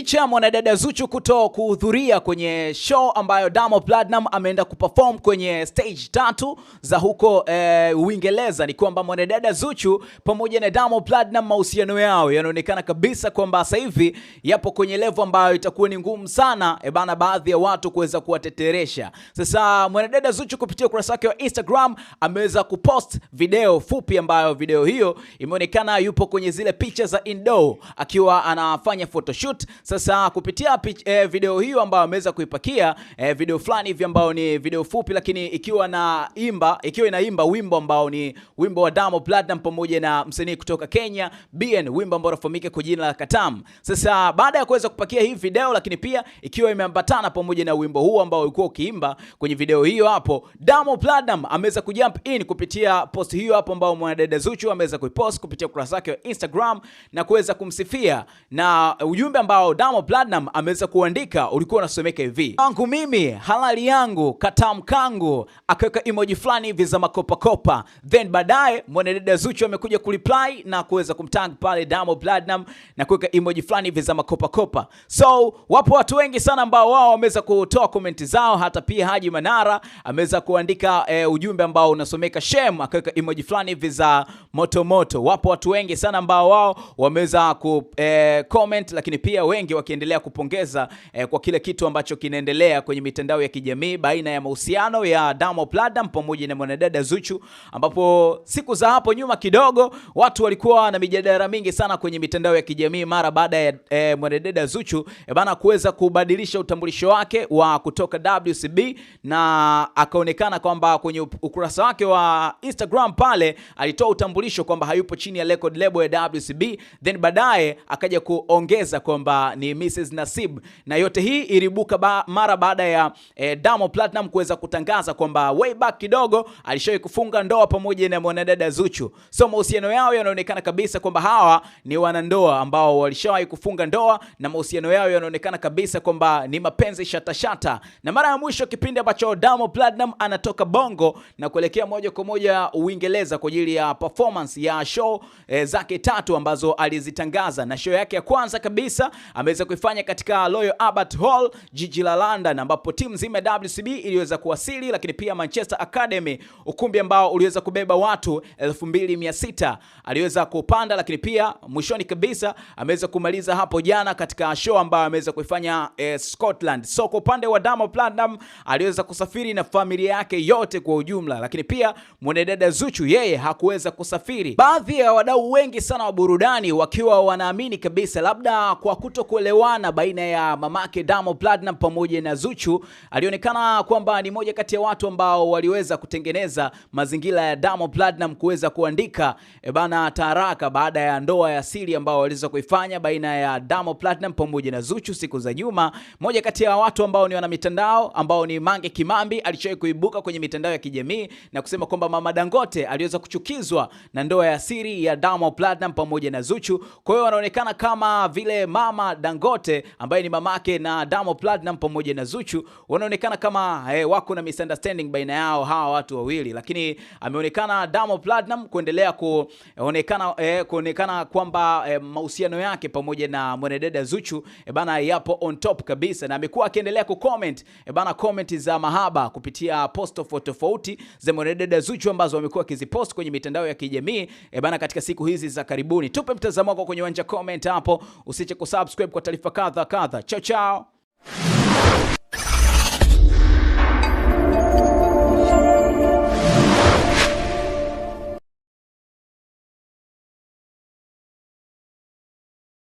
Licha ya mwanadada Zuchu kuto kuhudhuria kwenye show ambayo Diamond Platnumz ameenda kuperform kwenye stage tatu za huko e, Uingereza, ni kwamba mwanadada Zuchu pamoja na Diamond Platnumz mahusiano yao yanaonekana kabisa kwamba sasa hivi yapo kwenye level ambayo itakuwa ni ngumu sana e bana, baadhi ya watu kuweza kuwateteresha. Sasa mwanadada Zuchu kupitia ukurasa wake wa Instagram ameweza kupost video fupi, ambayo video hiyo imeonekana yupo kwenye zile picha za indoor akiwa anafanya photoshoot. Sasa kupitia eh, video hiyo ambayo ameweza kuipakia eh, video fulani hivi ambayo ni video fupi, lakini ikiwa na imba ikiwa inaimba wimbo ambao ni wimbo wa Diamond Platnumz pamoja na msanii kutoka Kenya BN, wimbo ambao unafahamika kwa jina la Katam. Sasa baada ya kuweza kupakia hii video, lakini pia ikiwa imeambatana pamoja na wimbo huu ambao ulikuwa ukiimba kwenye video hiyo hapo, Diamond Platnumz ameweza kujump in kupitia post hiyo hapo ambao mwanadada Zuchu ameweza kuipost kupitia ukurasa wake wa Instagram na kuweza kumsifia na ujumbe ambao Diamond Platinum ameweza kuandika, ulikuwa unasomeka hivi: wangu mimi halali yangu katamkangu, akaweka emoji fulani hivi za makopakopa, then baadaye mwanadada Zuchu amekuja kureply na kuweza kumtag pale Diamond Platinum na kuweka emoji fulani hivi za makopakopa. So wapo watu wengi sana ambao wao wameweza kutoa komenti zao, hata pia Haji Manara ameweza kuandika e, ujumbe ambao unasomeka shame, akaweka emoji fulani hivi za motomoto. Wapo watu wengi sana ambao wao wameweza ku e, comment, lakini pia wengi wengi wakiendelea kupongeza eh, kwa kile kitu ambacho kinaendelea kwenye mitandao ya kijamii baina ya mahusiano ya Diamond Platnumz pamoja na mwanadada Zuchu, ambapo siku za hapo nyuma kidogo watu walikuwa na mijadala mingi sana kwenye mitandao ya kijamii mara baada ya eh, mwanadada Zuchu eh, bana kuweza kubadilisha utambulisho wake wa kutoka WCB na akaonekana kwamba kwenye ukurasa wake wa Instagram pale alitoa utambulisho kwamba hayupo chini ya record label ya WCB, then baadaye akaja kuongeza kwamba ni Mrs Nasib, na yote hii ilibuka ba, mara baada ya eh, Damo Platinum kuweza kutangaza kwamba way back kidogo alishawahi kufunga ndoa pamoja na mwanadada Zuchu. So mahusiano yao yanaonekana kabisa kwamba hawa ni wanandoa ambao walishawahi kufunga ndoa, na mahusiano yao yanaonekana kabisa kwamba ni mapenzi shatashata shata. Na mara ya mwisho kipindi ambacho Damo Platinum anatoka Bongo na kuelekea moja kwa moja Uingereza kwa ajili ya performance ya show eh, zake tatu ambazo alizitangaza, na show yake ya kwanza kabisa ame wameweza kuifanya katika Royal Albert Hall jiji la London, ambapo timu nzima ya WCB iliweza kuwasili, lakini pia Manchester Academy, ukumbi ambao uliweza kubeba watu 2600 aliweza kupanda, lakini pia mwishoni kabisa ameweza kumaliza hapo jana katika show ambayo ameweza kuifanya eh, Scotland. So kwa upande wa Diamond Platnumz aliweza kusafiri na familia yake yote kwa ujumla, lakini pia mwanadada Zuchu yeye hakuweza kusafiri. Baadhi ya wadau wengi sana wa burudani wakiwa wanaamini kabisa labda kwa kuto kutoelewana baina ya mamake Diamond Platinum pamoja na Zuchu, alionekana kwamba ni moja kati ya watu ambao waliweza kutengeneza mazingira ya Diamond Platinum kuweza kuandika e bana taraka baada ya ndoa ya siri ambao waliweza kuifanya baina ya Diamond Platinum pamoja na Zuchu siku za nyuma. Moja kati ya watu ambao ni wana mitandao ambao ni Mange Kimambi alichoi kuibuka kwenye mitandao ya kijamii na kusema kwamba Mama Dangote aliweza kuchukizwa na ndoa ya siri ya Diamond Platinum pamoja na Zuchu. Kwa hiyo wanaonekana kama vile Mama Dangote Dangote ambaye ni mamake na Damo Platinum pamoja na Zuchu wanaonekana kama eh, wako na misunderstanding baina yao hawa watu wawili, lakini ameonekana Damo Platinum kuendelea kuonekana eh, kuonekana kwamba eh, mahusiano yake pamoja na mwanadada Zuchu eh, bana yapo on top kabisa, na amekuwa akiendelea ku comment eh, bana comment za mahaba kupitia post tofauti tofauti za mwanadada Zuchu ambazo amekuwa akizipost kwenye mitandao ya kijamii eh, bana katika siku hizi za karibuni. Tupe mtazamo wako kwenye uwanja comment hapo, usiache kusubscribe kwa taarifa kadha kadha. Chao chao.